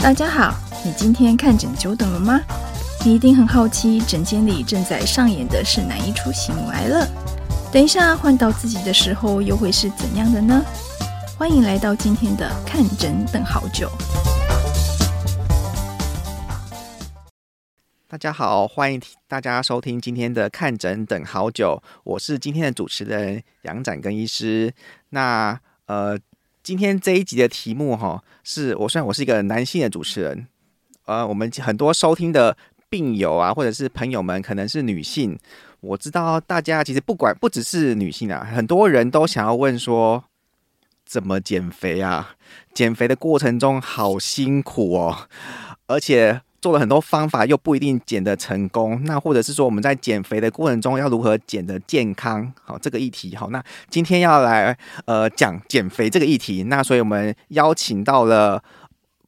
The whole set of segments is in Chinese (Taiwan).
大家好，你今天看診久等了嗎？你一定很好奇，診間裡正在上演的是哪一出喜怒哀樂？等一下換到自己的時候，又會是怎樣的呢？歡迎來到今天的看診等好久。大家好，歡迎大家收聽今天的看診等好久，我是今天的主持人楊展庚醫師。那呃。今天這一集的題目哈，是我雖然我是一個男性的主持人，呃，我們很多收聽的病友啊，或者是朋友們，可能是女性。我知道大家其實不管不只是女性啊，很多人都想要問說，怎麼減肥啊？減肥的過程中好辛苦哦，而且。做了很多方法，又不一定減得成功。那或者是說，我們在減肥的過程中要如何減得健康？好，這個議題。好，那今天要來呃講減肥這個議題。那所以我們邀請到了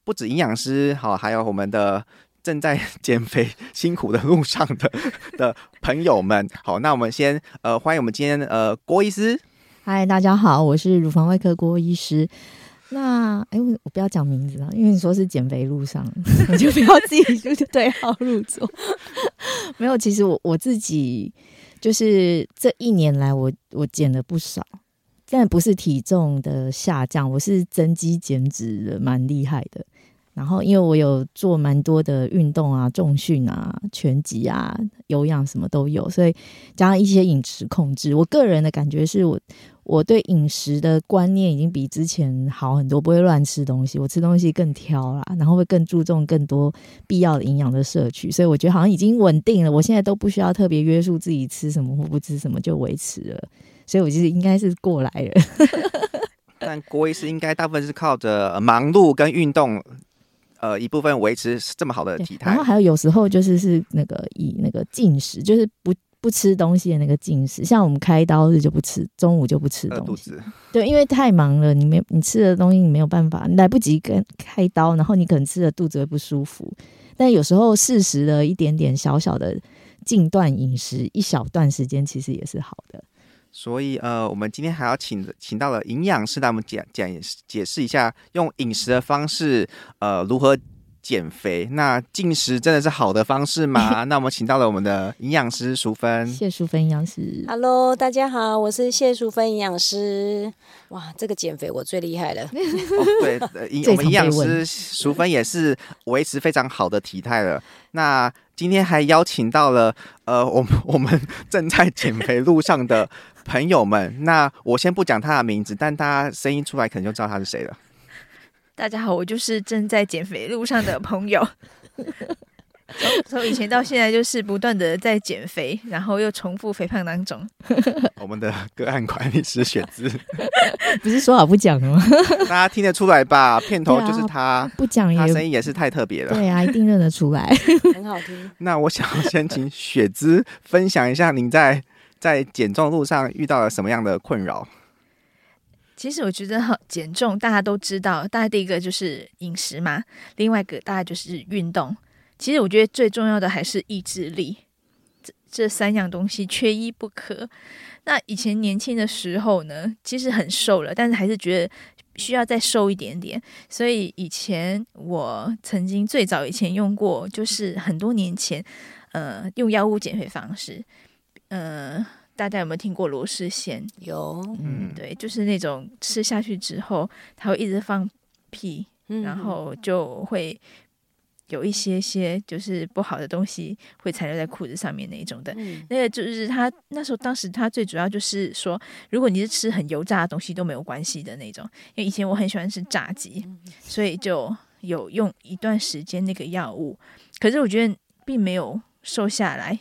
不只營養師，好、哦，還有我們的正在減肥辛苦的路上的的朋友們。好，那我們先呃歡迎我們今天呃郭醫師。嗨，大家好，我是乳房外科郭醫師。那哎、欸，我我不要講名字啊，因為你說是減肥路上， 你就不要自己就對號入座。 沒有，其實我我自己就是這一年來我，我我減了不少，但不是體重的下降，我是增肌減脂蠻厲害的。然後因為我有做蠻多的運動啊，重訓啊，拳擊啊，有氧什麼都有，所以加上一些飲食控制，我個人的感覺是我。我對飲食的觀念已經比之前好很多，不會亂吃東西。我吃東西更挑啦，然後會更注重更多必要的營養的攝取，所以我覺得好像已經穩定了。我現在都不需要特別約束自己吃什麼或不吃什麼就維持了，所以我覺得應該是過來人。 但郭醫師應該大部分是靠着忙碌跟運動，呃，一部分維持這麼好的體態，然後還有有時候就是是那個以那個進食就是不。不吃東西的那個禁食，像我們開刀日就不吃，中午就不吃東西。呃、肚子對，因為太忙了，你沒你吃的東西，你沒有辦法你來不及跟開刀，然後你可能吃的肚子會不舒服。但有時候適時的一點點小小的禁斷飲食，一小段時間其實也是好的。所以呃，我們今天還要請請到了營養師來，我們講講解釋一下用飲食的方式呃如何。減肥，那進食真的是好的方式嗎？那我們請到了我們的營養師淑芬， 謝淑芬營養師。Hello，大家好，我是謝淑芬營養師。哇，這個減肥我最厲害了。 哦、對、呃，我們營養師淑芬也是維持非常好的體態了, 了。那今天還邀請到了呃，我們我們正在減肥路上的朋友們。 那我先不講他的名字，但他聲音出來可能就知道他是誰了。大家好，我就是正在減肥路上的朋友，從以前到現在，就是不斷的在減肥，然後又重複肥胖當中。我們的個案管理師雪芝， 不是說好不講的嗎？大家聽得出來吧？片頭就是他，對啊，不講也，他聲音也是太特別了。對啊，一定認得出來， 很好聽。那我想先請雪芝分享一下，您在在減重路上遇到了什麼樣的困擾？其實我覺得，好減重，大家都知道，大家第一個就是飲食嘛，另外一個大家就是運動。其實我覺得最重要的還是意志力，這這三樣東西缺一不可。那以前年輕的時候呢，其實很瘦了，但是還是覺得需要再瘦一點點。所以以前我曾經最早以前用過，就是很多年前，呃，用藥物減肥方式，呃。大家有沒有聽過羅氏鮮？有，嗯，對，就是那種吃下去之後，它會一直放屁，然後就會有一些些就是不好的東西會殘留在褲子上面那一種的，嗯。那個就是他那時候當時他最主要就是說，如果你是吃很油炸的東西都沒有關係的那種。因為以前我很喜歡吃炸雞，所以就有用一段時間那個藥物。可是我覺得並沒有瘦下來，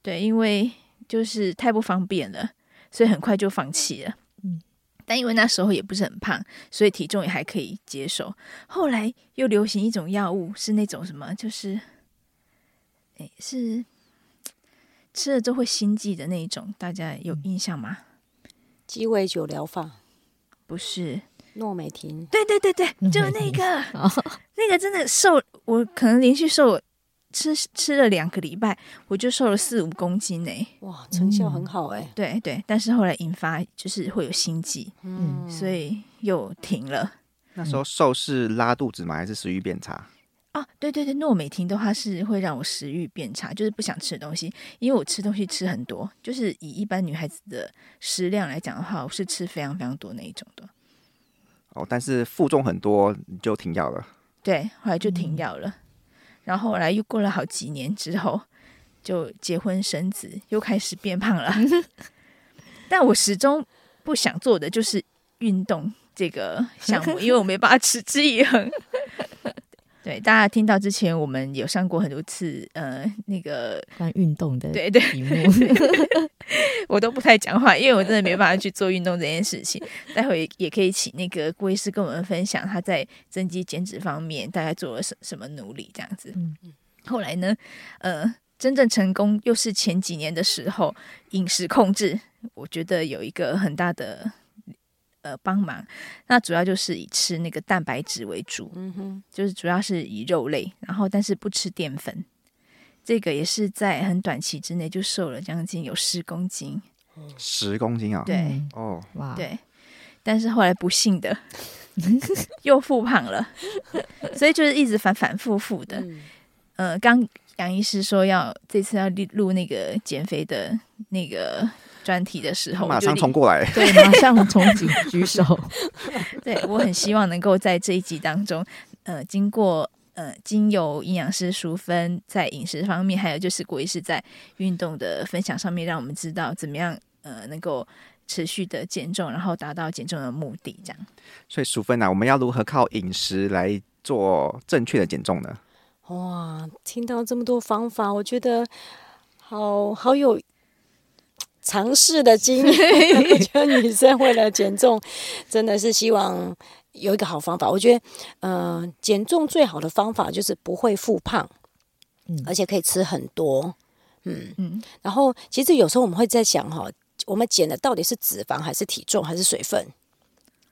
對，因為。就是太不方便了，所以很快就放棄了。嗯，但因為那時候也不是很胖，所以體重也還可以接受。後來又流行一種藥物，是那種什麼，就是誒、欸，是吃了都會心悸的那一種，大家有印象嗎？雞尾酒療法不是諾美婷？對對對對，就那個、哦、那個真的瘦，我可能連續瘦。吃吃了兩個禮拜，我就瘦了四五公斤呢、欸。哇，成效很好哎、欸嗯。對對，但是後來引發就是會有心悸、嗯，所以又停了。那時候瘦是拉肚子嗎？還是食慾變差？哦、嗯啊，對對對，諾美婷的話是會讓我食慾變差，就是不想吃東西。因為我吃東西吃很多，就是以一般女孩子的食量來講的話，我是吃非常非常多那一種的。哦，但是負重很多就停掉了。對，後來就停掉了。嗯然後後來又過了好幾年之後，就結婚生子，又開始變胖了。 但我始終不想做的就是運動這個項目， 因為我沒辦法持之以恆。對，大家聽到之前我們有上過很多次呃那個關於運動的對對題目， 我都不太講話，因為我真的沒辦法去做運動這件事情。 待會也可以請那個郭醫師跟我們分享他在增肌減脂方面大概做了什麼什麼努力這樣子。嗯。後來呢，呃，真正成功又是前幾年的時候，飲食控制，我覺得有一個很大的。呃，幫忙，那主要就是以吃那個蛋白質為主，嗯哼，就是主要是以肉類，然後但是不吃澱粉，這個也是在很短期之內就瘦了將近有十公斤，十公斤啊，對，哦，哇，對，但是後來不幸的又復胖了， 所以就是一直反反复复的，嗯，呃，剛楊醫師說要這次要錄那個減肥的那個。專題的時候，馬上衝過來，對，馬上衝擊舉手。 對，我很希望能夠在這一集當中，呃，經過呃，經由營養師淑芬在飲食方面，還有就是郭醫師在運動的分享上面，讓我們知道怎麼樣呃，能夠持續的減重，然後達到減重的目的，這樣。所以，淑芬啊，我們要如何靠飲食來做正確的減重呢？哇，聽到這麼多方法，我覺得好好有嘗試的經驗，我覺得女生為了減重， 真的是希望有一個好方法。我覺得，嗯、呃，減重最好的方法就是不會復胖、嗯，而且可以吃很多，嗯，嗯，然後，其實有時候我們會在想哈、哦，我們減的到底是脂肪，還是體重，還是水分？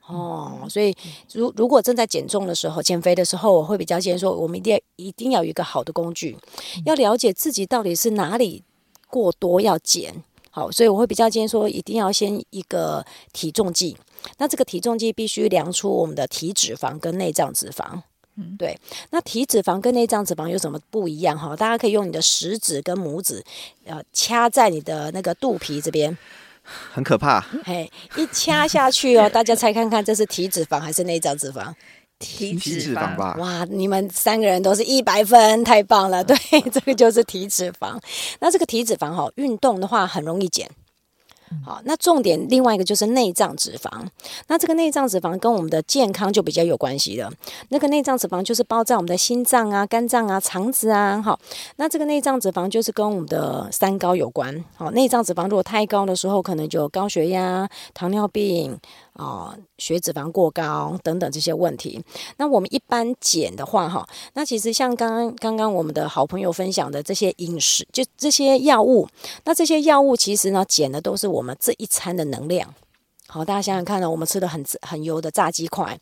哦，所以，如如果正在減重的時候、減肥的時候，我會比較建議說，我們一定要一定要有一個好的工具、嗯，要了解自己到底是哪裡過多要減。好，所以我會比較建議說，一定要先一個體重計。那這個體重計必須量出我們的體脂肪跟內臟脂肪。嗯，對。那體脂肪跟內臟脂肪有什麼不一樣？哈，大家可以用你的食指跟拇指，呃，掐在你的那個肚皮這邊，很可怕。嘿，一掐下去哦，大家猜看看，這是體脂肪還是內臟脂肪？體脂，體脂肪吧，哇，你們三個人都是一百分，太棒了。對， 這個就是體脂肪。那這個體脂肪哈、哦，運動的話很容易減、嗯。好，那重點另外一個就是內臟脂肪。那這個內臟脂肪跟我們的健康就比較有關係了。那個內臟脂肪就是包在我們的心臟啊、肝臟啊、腸子啊。好，那這個內臟脂肪就是跟我們的三高有關。好，內臟脂肪如果太高的時候，可能就高血壓、糖尿病。啊、哦，血脂肪過高等等這些問題，那我們一般減的話，哈、哦，那其實像剛剛剛剛我們的好朋友分享的這些飲食，就這些藥物，那這些藥物其實呢，減的都是我們這一餐的能量。好，大家想想看呢、哦，我們吃的很很油的炸雞塊，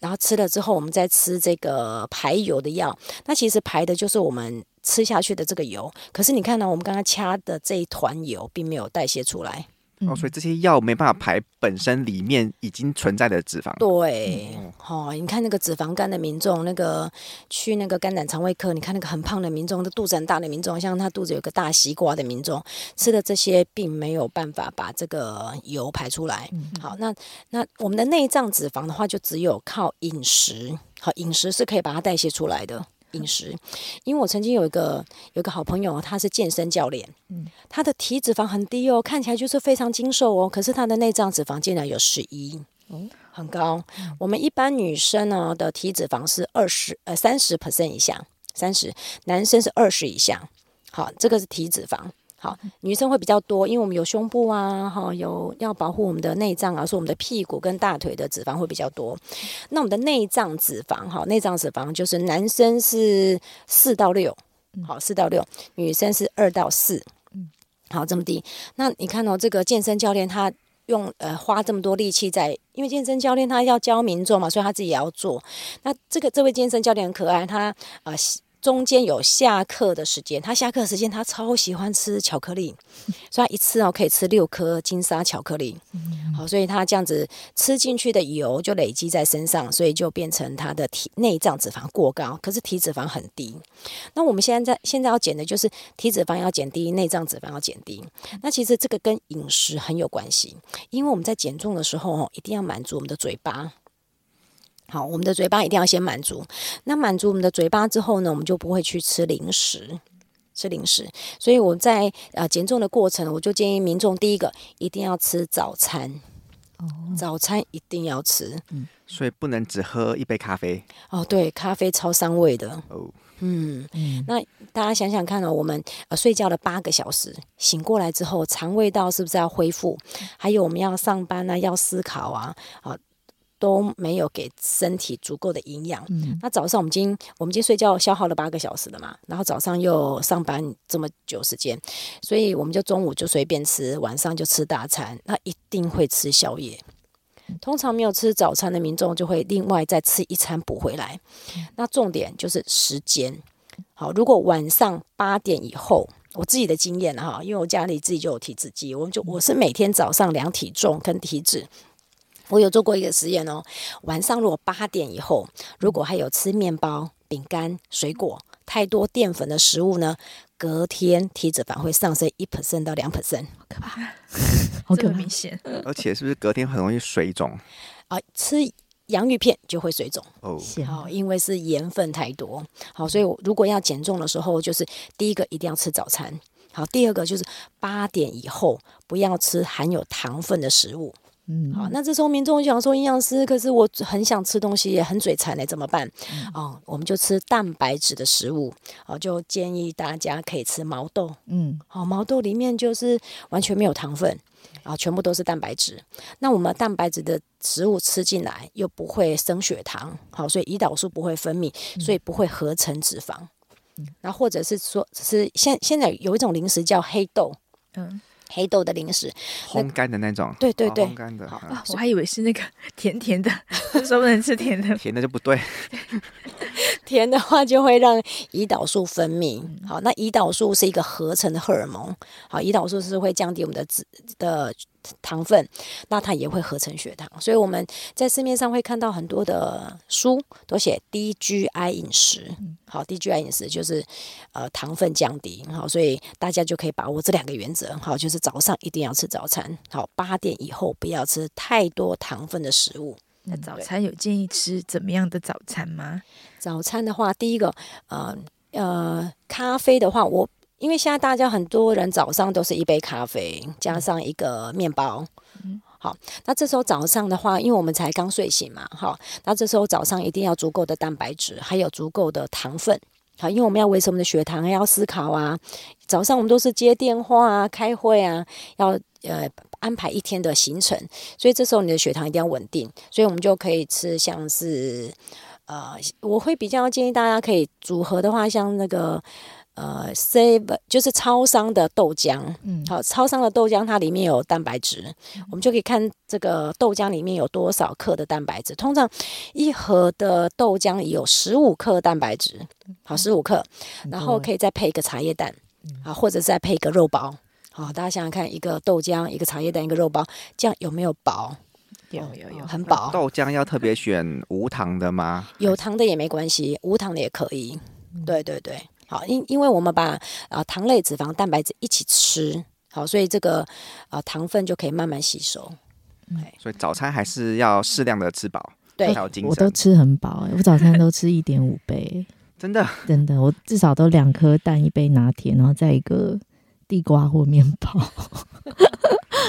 然後吃了之後，我們再吃這個排油的藥，那其實排的就是我們吃下去的這個油。可是你看呢、哦，我們剛剛掐的這一團油，並沒有代謝出來。哦，所以這些藥沒辦法排本身裡面已經存在的脂肪。對，哦，你看那個脂肪肝的民眾，那個去那個肝膽腸胃科，你看那個很胖的民眾，肚子很大的民眾，像他肚子有個大西瓜的民眾，吃的這些並沒有辦法把這個油排出來。嗯、好，那那我們的內臟脂肪的話，就只有靠飲食，好，飲食是可以把它代謝出來的。飲食，因為我曾經有一個有一個好朋友，他是健身教練，嗯，他的體脂肪很低哦，看起來就是非常精瘦哦，可是他的內臟脂肪竟然有十一，嗯，很高，嗯。我們一般女生呢的體脂肪是二十呃三十 percent 以下，三十，男生是二十以下，好，這個是體脂肪。好，女生會比較多，因為我們有胸部啊，哈、哦，有要保護我們的內臟啊，所以我們的屁股跟大腿的脂肪會比較多。那我們的內臟脂肪，哈、哦，內臟脂肪就是男生是四到六、嗯，好，四到六，女生是二到四，嗯，好，這麼低。那你看哦，這個健身教練他用呃花這麼多力氣在，因為健身教練他要教民眾嘛，所以他自己也要做。那這個這位健身教練很可愛，他啊。呃中間有下課的時間，他下課時間他超喜歡吃巧克力，嗯、所以他一次哦可以吃六顆金沙巧克力，好、嗯哦，所以他這樣子吃進去的油就累積在身上，所以就變成他的體內臟脂肪過高，可是體脂肪很低。那我們現在在現在要減的就是體脂肪要減低，內臟脂肪要減低。那其實這個跟飲食很有關係，因為我們在減重的時候哦，一定要滿足我們的嘴巴。好，我們的嘴巴一定要先滿足。那滿足我們的嘴巴之後呢，我們就不會去吃零食，吃零食。所以我在呃減重的過程，我就建議民眾第一個一定要吃早餐，哦。早餐一定要吃。嗯，所以不能只喝一杯咖啡。哦，對，咖啡超傷胃的。哦，嗯嗯。那大家想想看啊，哦，我們呃睡覺了八個小時，醒過來之後，腸胃道是不是要恢復？嗯。還有我們要上班呢，啊，要思考啊，啊，呃。都沒有給身體足夠的營養。嗯、那早上我們今我們今睡覺消耗了八個小時了嘛，然後早上又上班這麼久時間，所以我們就中午就隨便吃，晚上就吃大餐，那一定會吃宵夜。嗯、通常沒有吃早餐的民眾就會另外再吃一餐補回來。嗯、那重點就是時間。好，如果晚上八點以後，我自己的經驗哈、啊，因為我家裡自己就有體脂機，我們就、嗯、我是每天早上量體重跟體脂。我有做過一個實驗哦，晚上如果八點以後，如果還有吃麵包、餅乾、水果太多澱粉的食物呢，隔天體脂肪會上升1%到2%，好可怕， 好可怕，是不是明顯？而且是不是隔天很容易水腫？ 啊，吃洋芋片就會水腫哦，哦、oh.，因為是鹽分太多。好，所以如果要減重的時候，就是第一個一定要吃早餐，好，第二個就是八點以後不要吃含有糖分的食物。嗯，好，那這時候民眾想說營養師，可是我很想吃東西，也很嘴饞嘞、欸，怎麼辦？哦、嗯呃，我們就吃蛋白質的食物，哦、呃，就建議大家可以吃毛豆，嗯，好、哦，毛豆裡面就是完全沒有糖分，啊、呃，全部都是蛋白質、嗯。那我們蛋白質的食物吃進來又不會升血糖，好、呃，所以胰島素不會分泌，所以不會合成脂肪。嗯，那或者是說，只是現現在有一種零食叫黑豆，嗯。黑豆的零食，烘乾的那種，那對對對，哦、烘乾的好啊。啊，我還以為是那個甜甜的， 是說不能吃甜的，甜的就不對， 甜的話就會讓胰島素分泌。好，那胰島素是一個合成的荷爾蒙，好，胰島素是會降低我們的脂的。糖分，那它也會合成血糖，所以我們在市面上會看到很多的書都寫低 GI 飲食，好，低 GI 飲食就是呃糖分降低，好，所以大家就可以把握這兩個原則，好，就是早上一定要吃早餐，好，八點以後不要吃太多糖分的食物。那早餐有建議吃怎麼樣的早餐嗎？早餐的話，第一個，呃，呃，咖啡的話，我。因為現在大家很多人早上都是一杯咖啡加上一個麵包，嗯，好，那這時候早上的話，因為我們才剛睡醒嘛，哈，那這時候早上一定要足夠的蛋白質，還有足夠的糖分，好，因為我們要維持我們的血糖，還要思考啊，早上我們都是接電話啊、開會啊，要呃安排一天的行程，所以這時候你的血糖一定要穩定，所以我們就可以吃像是呃，我會比較建議大家可以組合的話，像那個。呃，save 就是超商的豆漿，嗯，好，超商的豆漿它裡面有蛋白質、嗯，我們就可以看這個豆漿裡面有多少克的蛋白質。通常一盒的豆漿有十五克蛋白質、嗯，好，十五克，然後可以再配一個茶葉蛋，啊、嗯，或者再配一個肉包，好、嗯，大家想想看，一個豆漿，一個茶葉蛋，一個肉包，這樣有沒有飽、嗯？有有有，很飽。豆漿要特別選無糖的嗎？有糖的也沒關係，無糖的也可以。嗯、對對對。好，因因為我們把啊、呃、糖類、脂肪、蛋白質一起吃，好，所以這個啊、呃、糖分就可以慢慢吸收。所以早餐還是要適量的吃飽，對，就還有精神，我都吃很飽、欸，我早餐都吃一點五杯、欸， 真的，真的，我至少都兩顆蛋，一杯拿鐵，然後再一個地瓜或麵包。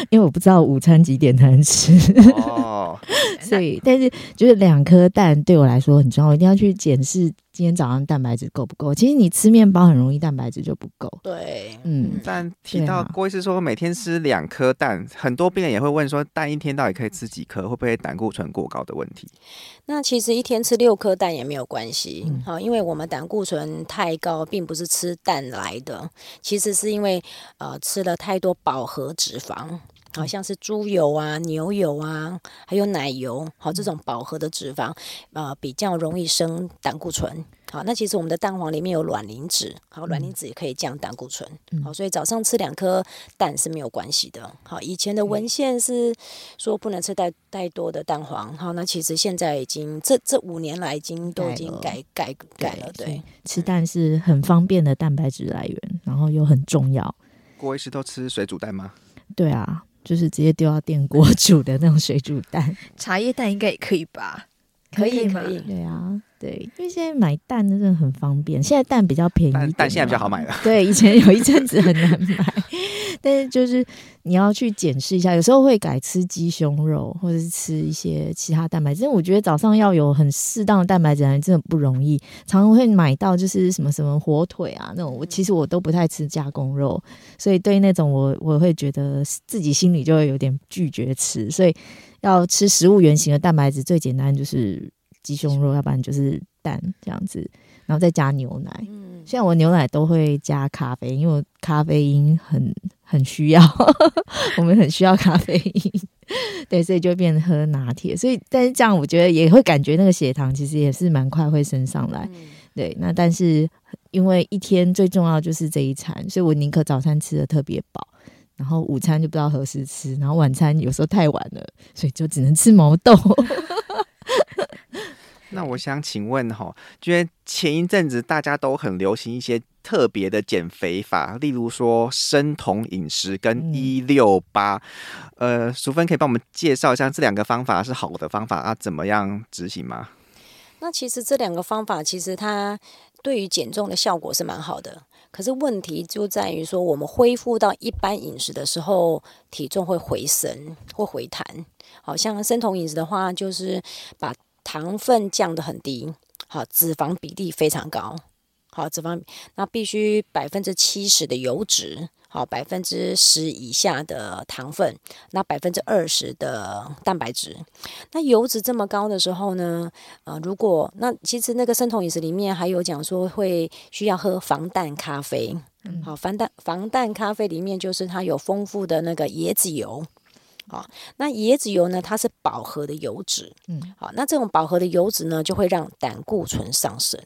因為我不知道午餐幾點才能吃，哦， 所以但是就是兩顆蛋對我來說很重要，我一定要去檢視。今天早上蛋白質夠不夠？其實你吃麵包很容易蛋白質就不夠。對，嗯。但提到郭醫師說每天吃兩顆蛋，很多病人也會問說，蛋一天到底可以吃幾顆？會不會膽固醇過高的問題？那其實一天吃六顆蛋也沒有關係。好，嗯，哦，因為我們膽固醇太高，並不是吃蛋來的，其實是因為呃吃了太多飽和脂肪。好像是豬油啊、牛油啊，還有奶油，好，這種飽和的脂肪，呃，比較容易升膽固醇。好，那其實我們的蛋黃裡面有卵磷脂，好，卵磷脂也可以降膽固醇。好，所以早上吃兩顆蛋是沒有關係的。好，以前的文獻是說不能吃帶太多的蛋黃，好，那其實現在已經這這五年來已經都已經改改改了。對，對，嗯，吃蛋是很方便的蛋白質來源，然後又很重要。郭一直都吃水煮蛋嗎？對啊。就是直接丟到電鍋煮的那種水煮蛋，茶葉蛋應該也可以吧？可以，可以，可以，對啊，對，因為現在買蛋真的很方便，現在蛋比較便宜，蛋現在比較好買了。對，以前有一陣子很難買。 但是就是你要去檢視一下，有時候會改吃雞胸肉，或者是吃一些其他蛋白質。因為我覺得早上要有很適當的蛋白質，真的不容易。常常會買到就是什麼什麼火腿啊那種，我其實我都不太吃加工肉，所以對那種我我會覺得自己心裡就會有點拒絕吃。所以要吃食物原型的蛋白質，最簡單就是雞胸肉，要不然就是蛋這樣子，然後再加牛奶。嗯，現在我牛奶都會加咖啡，因為我咖啡因很很需要， 我們很需要咖啡因， 對，所以就變喝拿鐵。所以，但是這樣我覺得也會感覺那個血糖其實也是蠻快會升上來。嗯。對，那但是因為一天最重要就是這一餐，所以我寧可早餐吃得特別飽，然後午餐就不知道何時吃，然後晚餐有時候太晚了，所以就只能吃毛豆。 那我想請問哈，因為前一陣子大家都很流行一些特別的減肥法，例如說生酮飲食跟一六八，呃，淑芬可以幫我們介紹一下這兩個方法是好的方法啊？怎麼樣執行嗎？那其實這兩個方法其實它對於減重的效果是蠻好的，可是問題就在於說，我們恢復到一般飲食的時候，體重會回升，會回彈。好像生酮飲食的話，就是把。糖分降得很低，好，脂肪比例非常高，好，脂肪那必須百分之七十的油脂，好，百分之十以下的糖分，那百分之二十的蛋白質，那油脂這麼高的時候呢？啊、呃，如果那其實那個生酮飲食裡面還有講說會需要喝防彈咖啡，嗯，好，防彈防彈咖啡裡面就是它有豐富的那個椰子油。啊、哦，那椰子油呢？它是飽和的油脂，嗯，好、哦，那這種飽和的油脂呢，就會讓膽固醇上升。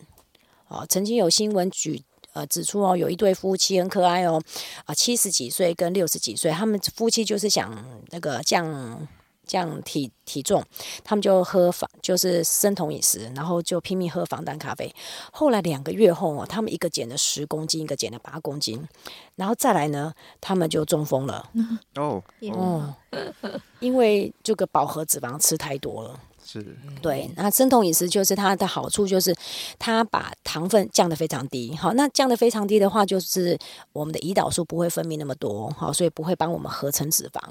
哦，曾經有新聞舉呃指出哦，有一對夫妻很可愛哦，啊、呃，七十幾歲跟六十幾歲，他們夫妻就是想那、這個降。降體體重，他們就喝防就是生酮飲食，然後就拼命喝防彈咖啡。後來兩個月後，他們一個減了十公斤，一個減了八公斤。然後再來呢，他們就中風了。哦、oh, oh. 嗯、因為這個飽和脂肪吃太多了。是。對，那生酮飲食就是它的好處就是它把糖分降得非常低。好，那降得非常低的話，就是我們的胰島素不會分泌那麼多，好，所以不會幫我們合成脂肪。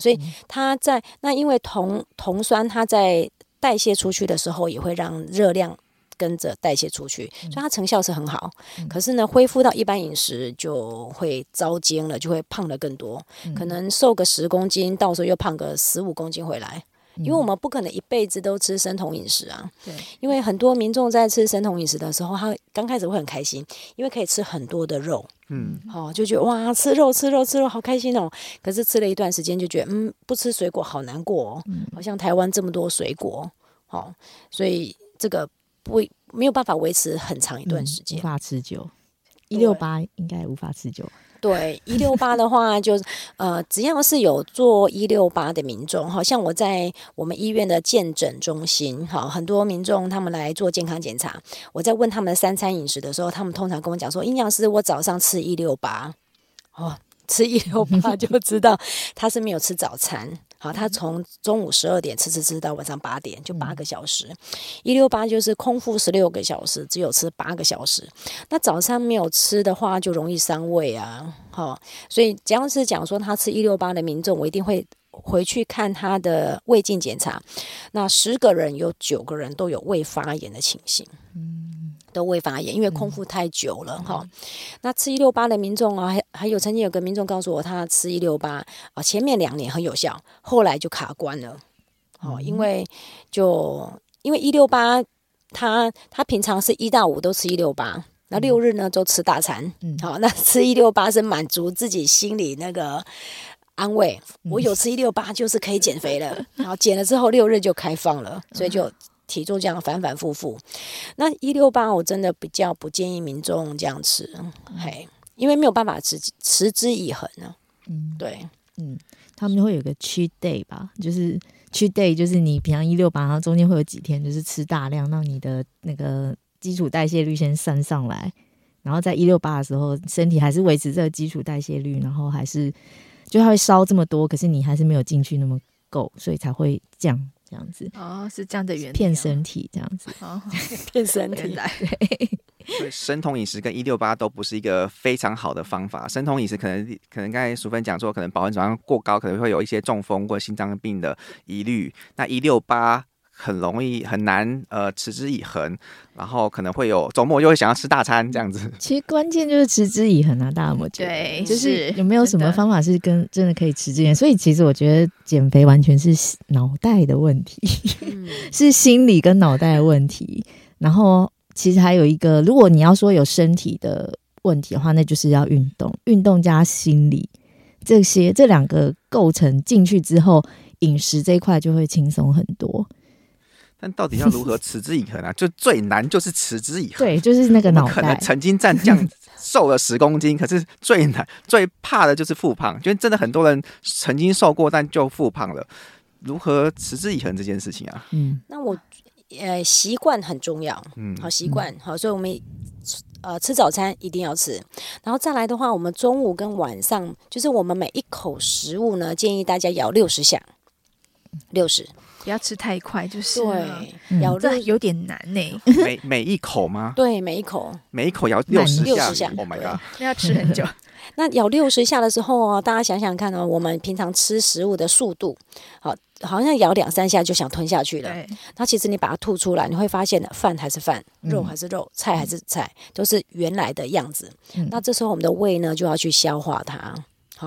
所以它在那，因為酮酮酸它在代謝出去的時候，也會讓熱量跟着代謝出去，所以它成效是很好。可是呢，恢復到一般飲食就會糟精了，就會胖的更多，可能瘦個十公斤，到時候又胖個十五公斤回來。因為我們不可能一輩子都吃生酮飲食啊、嗯。對。因為很多民眾在吃生酮飲食的時候，他剛開始會很開心，因為可以吃很多的肉。嗯。好、哦，就覺得哇，吃肉吃肉吃肉，好開心哦。可是吃了一段時間，就覺得嗯，不吃水果好難過哦、嗯。好像台灣這麼多水果，哦，所以這個不沒有辦法維持很長一段時間。嗯、無法持久。一六八應該無法持久。對，一六八的話就，就呃，只要是有做一六八的民眾，好像我在我們醫院的健診中心，哈，很多民眾他們來做健康檢查，我在問他們三餐飲食的時候，他們通常跟我講說，營養師，我早上吃一六八，哦，吃一六八就知道他是沒有吃早餐。 好，他從中午十二點吃吃吃到晚上八點，就八個小時，一六八就是空腹十六個小時，只有吃八個小時。那早上沒有吃的話，就容易傷胃啊。好、哦，所以只要是講說他吃一六八的民眾，我一定會回去看他的胃鏡檢查。那十個人有九個人都有胃發炎的情形。嗯。都未發炎，因為空腹太久了哈、嗯。那吃一六八的民眾啊，還還有曾經有個民眾告訴我，他吃一六八啊，前面兩年很有效，後來就卡關了。哦、嗯，因為就因為一六八，他他平常是一到五都吃一六八，那六日呢就吃大餐。好、嗯，那吃一六八是滿足自己心裡那個安慰。嗯、我有吃一六八就是可以減肥了， 然後減了之後六日就開放了，所以就。嗯體重這樣反反復復，那一六八我真的比較不建議民眾這樣吃，嘿，因為沒有辦法持持之以恆呢、啊。嗯，對，嗯，他們就會有個 cheat day 吧，就是 cheat day，就是你平常一六八，然後中間會有幾天，就是吃大量，讓你的那個基礎代謝率先升上來，然後在一六八的時候，身體還是維持這個基礎代謝率，然後還是就它會燒這麼多，可是你還是沒有進去那麼夠，所以才會降。這樣子哦，是這樣的原騙身體這樣子哦，騙身體來，對，生酮飲食跟一六八都不是一個非常好的方法。生酮飲食可能可能剛才淑芬講說，可能飽和脂肪過高，可能會有一些中風或心臟病的疑慮。那一六八。很容易很難呃持之以恆，然後可能會有周末就會想要吃大餐這樣子。其實關鍵就是持之以恆啊，大家我覺得、嗯、對，就是有沒有什麼方法是跟真的可以持之以恆？所以其實我覺得減肥完全是腦袋的問題，嗯、 是心理跟腦袋的問題。然後其實還有一個，如果你要說有身體的問題的話，那就是要運動，運動加心理這些這兩個構成進去之後，飲食這一塊就會輕鬆很多。但到底要如何持之以恆啊？ 就最難就是持之以恆，對，就是那個腦袋。可能曾經這樣瘦了十公斤， 可是最難、最怕的就是復胖。就真的很多人曾經瘦過，但就復胖了。如何持之以恆這件事情啊？嗯，那我呃習慣很重要，嗯，好習慣好。所以，我們呃吃早餐一定要吃，然後再來的話，我們中午跟晚上，就是我們每一口食物呢，建議大家咬六十下，六十。不要吃太快，就是對咬了、嗯、這有點難呢、欸。每每一口嗎？對，每一口，每一口咬六十下，下。Oh my god！那要吃很久。 那咬六十下的時候，大家想想看哦，我們平常吃食物的速度，好，好像咬兩三下就想吞下去了。那其實你把它吐出來，你會發現飯還是飯，嗯、肉還是肉，菜還是菜，都、就是原來的樣子、嗯。那這時候我們的胃呢，就要去消化它。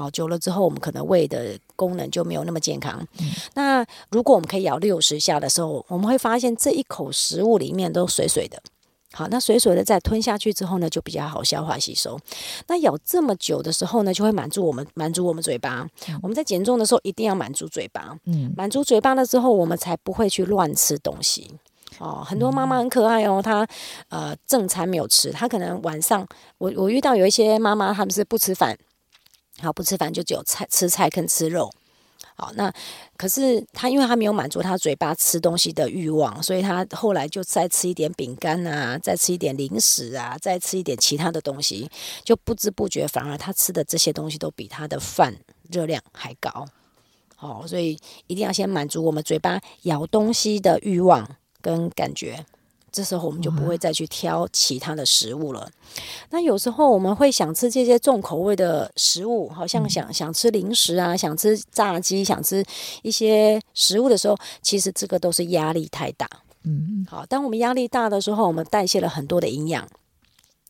好久了之後，我們可能胃的功能就沒有那麼健康。嗯、那如果我們可以咬六十下的時候，我們會發現這一口食物裡面都水水的。好，那水水的再吞下去之後呢，就比較好消化吸收。那咬這麼久的時候呢，就會滿足我們滿足我們嘴巴。我們在減重的時候一定要滿足嘴巴，嗯、滿足嘴巴了之後，我們才不會去亂吃東西。哦，很多媽媽很可愛哦，她呃、正餐沒有吃，她可能晚上我我遇到有一些媽媽，她們是不吃飯。好，不吃飯就只有菜，吃菜跟吃肉。好，那可是他，因為他沒有滿足他嘴巴吃東西的慾望，所以他後來就再吃一點餅乾啊，再吃一點零食啊，再吃一點其他的東西，就不知不覺反而他吃的這些東西都比他的飯熱量還高。好，所以一定要先滿足我們嘴巴咬東西的慾望跟感覺。這時候我們就不會再去挑其他的食物了。那有時候我們會想吃這些重口味的食物，好像想想吃零食啊，想吃炸雞，想吃一些食物的時候，其實這個都是壓力太大。嗯，好，當我們壓力大的時候，我們代謝了很多的營養。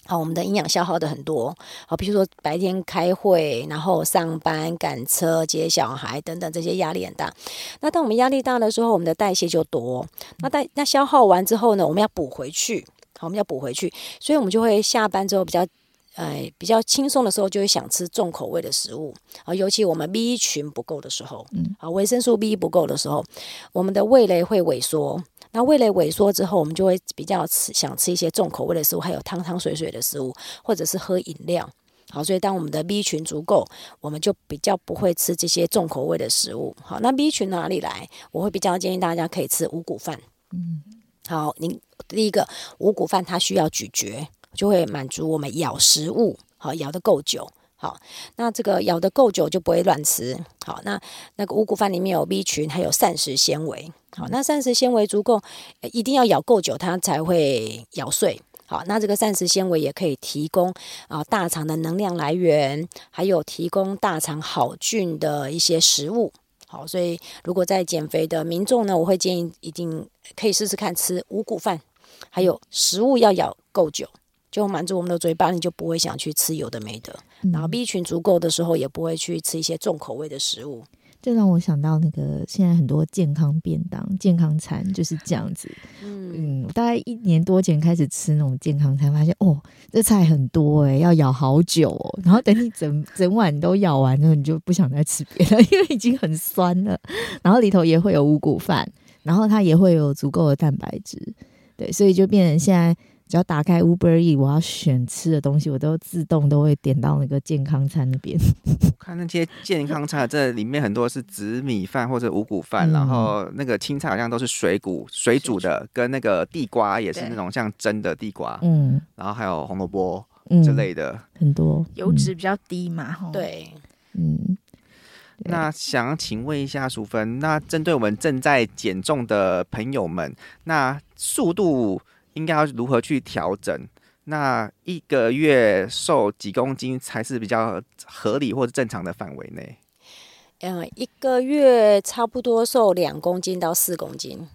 好，我們的營養消耗的很多。好，比如說白天開會，然後上班、趕車、接小孩等等，這些壓力很大。那當我們壓力大的時候，我們的代謝就多。那、嗯、代那消耗完之後呢，我們要補回去。好，我們要補回去，所以我們就會下班之後比較，哎、呃，比較輕鬆的時候就會想吃重口味的食物。啊，尤其我們 B 群不夠的時候，嗯，啊，維生素 B 不夠的時候，我們的味蕾會萎縮。那味蕾萎縮之後，我們就會比較吃想吃一些重口味的食物，還有湯湯水水的食物，或者是喝飲料。好，所以當我們的 B 群足夠，我們就比較不會吃這些重口味的食物。好，那 B 群哪裡來？我會比較建議大家可以吃五穀飯。嗯，好，您第一個五穀飯它需要咀嚼，就會滿足我們咬食物，好咬得夠久。好，那這個咬得夠久就不會亂吃。好，那那個五穀飯裡面有 B 群，還有膳食纖維。好，那膳食纖維足夠，一定要咬夠久，它才會咬碎。好，那這個膳食纖維也可以提供啊大腸的能量來源，還有提供大腸好菌的一些食物。好，所以如果在減肥的民眾呢，我會建議一定可以試試看吃五穀飯，還有食物要咬夠久。就滿足我們的嘴巴，你就不會想去吃有的、沒的、嗯。然後 B 群足夠的時候，也不會去吃一些重口味的食物。這讓我想到那個現在很多健康便當、健康餐就是這樣子。嗯，嗯大概一年多前開始吃那種健康餐，發現哦，這菜很多哎、欸，要咬好久、喔。哦。然後等你整整碗都咬完之後，你就不想再吃別的，因為已經很酸了。然後裡頭也會有五穀飯，然後它也會有足夠的蛋白質。對，所以就變成現在。嗯只要打開 Uber E，我要選吃的東西，我都自動都會點到那個健康餐那邊。 我看那些健康餐，這裡面很多是紫米飯或者五穀飯、嗯，然後那個青菜好像都是水煮水煮的，跟那個地瓜也是那種像蒸的地瓜，嗯，然後還有紅蘿蔔之類的，嗯、很多、嗯、油脂比較低嘛，嗯、對，嗯。那想要請問一下淑芬，那針對我們正在減重的朋友們，那速度？應該要如何去調整？那一個月瘦幾公斤才是比較合理或者正常的範圍內？嗯、呃，一個月差不多瘦兩公斤到四公斤，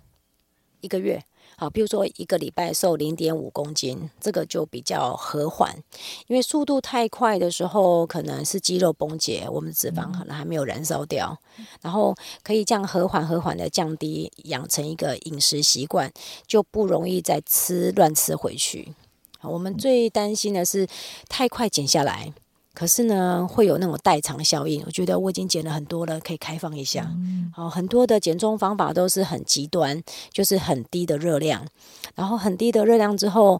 一個月。好，比如說一個禮拜瘦零點五公斤，這個就比較和緩，因為速度太快的時候，可能是肌肉崩解，我們脂肪可能還沒有燃燒掉，然後可以這樣和緩和緩的降低，養成一個飲食習慣，就不容易再吃亂吃回去。好，我們最擔心的是太快減下來。可是呢，會有那種代償效應。我覺得我已經減了很多了，可以開放一下。好，嗯，哦，很多的減重方法都是很極端，就是很低的熱量，然後很低的熱量之後，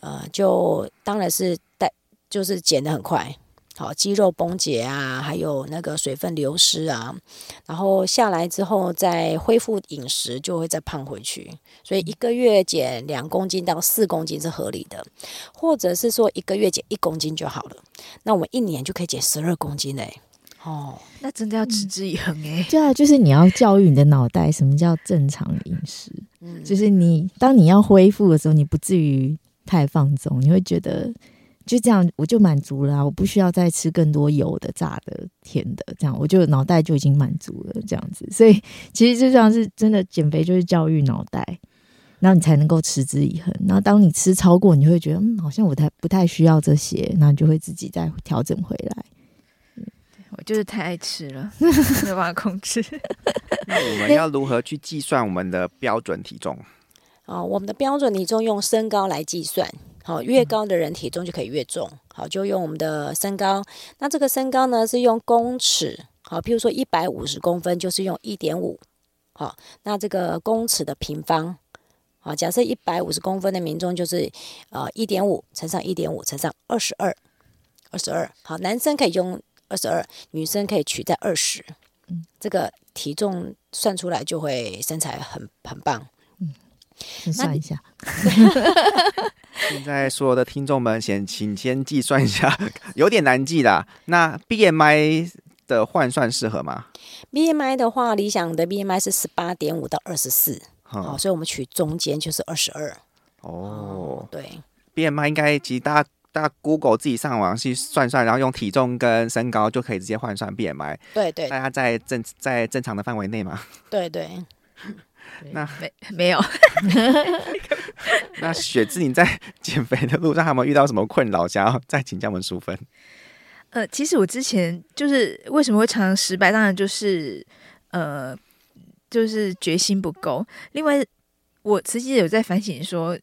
呃，就當然是代，就是減得很快。好，肌肉崩解啊，還有那個水分流失啊，然後下來之後再恢復飲食，就會再胖回去。所以一個月減兩公斤到四公斤是合理的，或者是說一個月減一公斤就好了。那我們一年就可以減十二公斤嘞、欸。哦，那真的要持之以恆哎、欸。對、嗯、啊，就是你要教育你的腦袋，什麼叫正常飲食。嗯，就是你當你要恢復的時候，你不至於太放縱，你會覺得。就這樣，我就滿足了啊，我不需要再吃更多油的、炸的、甜的，這樣我就腦袋就已經滿足了，這樣子。所以其實就像是真的減肥，就是教育腦袋，然後你才能夠持之以恆。然後當你吃超過，你就會覺得嗯，好像我才不太需要這些，那你就會自己再調整回來。我就是太愛吃了，沒有辦法控制。那我們要如何去計算我們的標準體重？好，我們的標準體重用身高來計算。好，越高的人體重就可以越重。好，就用我們的身高。那這個身高呢，是用公尺。好，譬如說一百五十公分就是用一點五。好，那這個公尺的平方。好，假設一百五十公分的民眾就是呃一點五乘上一點五乘上二十二，二十二。好，男生可以用二十二，女生可以取在二十。嗯，這個體重算出來就會身材很很棒。你算一下。 現在所有的聽眾們先請先計算一下，有點難記啦。那 B M I 的換算適合嗎？B M I 的話，理想的 B M I 是十八點五到二十四，好，所以我們取中間就是二十二。哦，對，B M I 應該其實大家大家 Google 自己上網去算算，然後用體重跟身高就可以直接換算 B M I。對對，大家在正在正常的範圍內嗎？對對，對。那沒沒有？ 那雪芝，你在減肥的路上，有沒有遇到什麼困擾？想要再請教我們淑芬？呃，其實我之前就是為什麼會常常失敗，當然就是呃，就是決心不夠。另外，我其實有在反省說，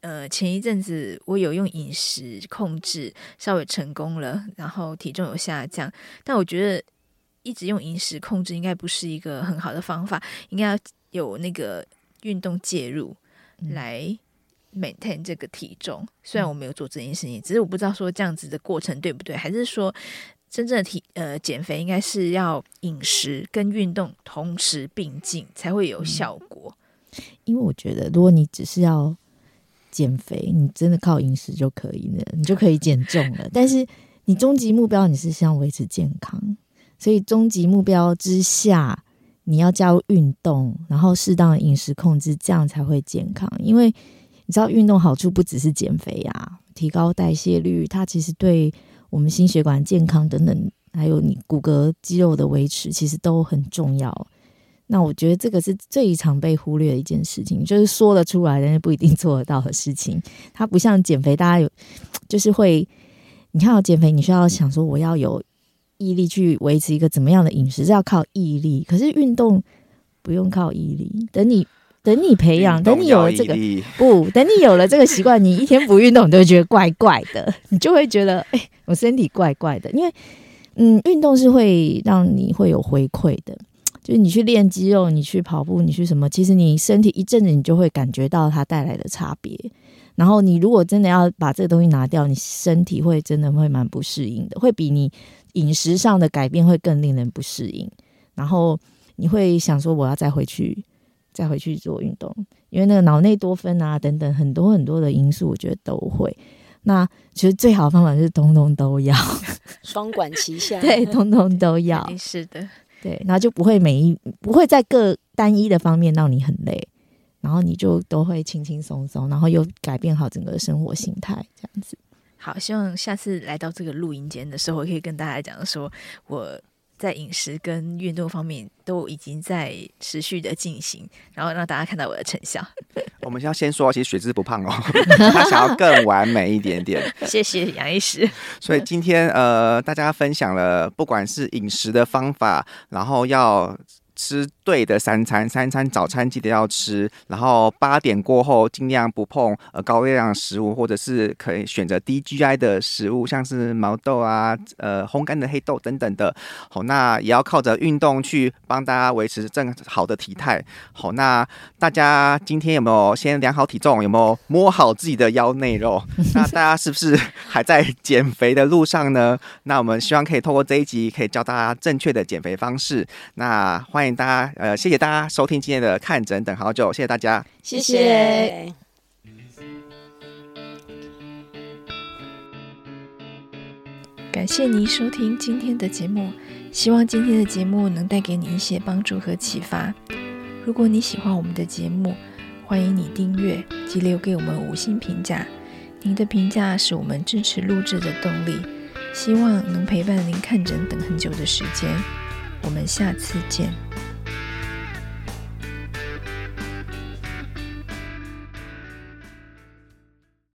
呃，前一陣子我有用飲食控制，稍微成功了，然後體重有下降，但我覺得一直用飲食控制應該不是一個很好的方法，應該要。有那個運動介入來 maintain 這個體重。嗯，雖然我沒有做這件事情，只是我不知道說這樣子的過程對不對，還是說真正的體呃減肥應該是要飲食跟運動同時並進才會有效果。嗯。因為我覺得，如果你只是要減肥，你真的靠飲食就可以了，你就可以減重了。嗯。但是你終極目標你是想維持健康，所以終極目標之下。你要加入運動，然後適當的飲食控制，這樣才會健康。因為你知道，運動好處不只是減肥呀，啊，提高代謝率，它其實對我們心血管健康等等，還有你骨骼肌肉的維持，其實都很重要。那我覺得這個是最常被忽略的一件事情，就是說得出來，但是不一定做得到的事情。它不像減肥，大家有就是會，你看到減肥，你需要想說我要有。毅力去維持一個怎麼樣的飲食是要靠毅力，可是運動不用靠毅力。等你等你培養，等你有了這個不，等你有了這個習慣， 你一天不運動你都會覺得怪怪的，你就會覺得哎、欸，我身體怪怪的。因為嗯，運動是會讓你會有回饋的，就是你去練肌肉，你去跑步，你去什麼，其實你身體一陣子你就會感覺到它帶來的差別。然後你如果真的要把這個東西拿掉，你身體會真的會蠻不適應的，會比你飲食上的改變會更令人不適應。然後你會想說，我要再回去，再回去做運動，因為那個腦內多酚啊等等很多很多的因素，我覺得都會。那其實最好的方法就是通通都要，雙管齊下， 對，通通都要，是的，對，然後就不會每一，不會在各單一的方面讓你很累。然後你就都會輕輕鬆鬆，然後又改變好整個生活心態這樣子。好，希望下次來到這個錄音間的時候，我可以跟大家講說，我在飲食跟運動方面都已經在持續的進行，然後讓大家看到我的成效。我們要先說，其實雪芝不胖哦，她 想要更完美一點點。 謝謝楊醫師。所以今天呃，大家分享了不管是飲食的方法，然後要。吃對的三餐，三餐早餐記得要吃，然後八點過後盡量不碰呃高熱量食物，或者是可以選擇低 GI 的食物，像是毛豆啊、呃烘乾的黑豆等等的。好，那也要靠着運動去幫大家維持正好的體態。好，那大家今天有沒有先量好體重？有沒有摸好自己的腰內肉？那大家是不是還在減肥的路上呢？那我們希望可以透過這一集，可以教大家正確的減肥方式。那歡迎。大家呃，謝謝大家收聽今天的看診等好久，謝謝大家，謝謝。感謝您收聽今天的節目，希望今天的節目能帶給你一些幫助和啟發。如果你喜歡我們的節目，歡迎你訂閱及留給我們五星評價，您的評價是我們支持錄制的動力。希望能陪伴您看診等很久的時間。我們下次見。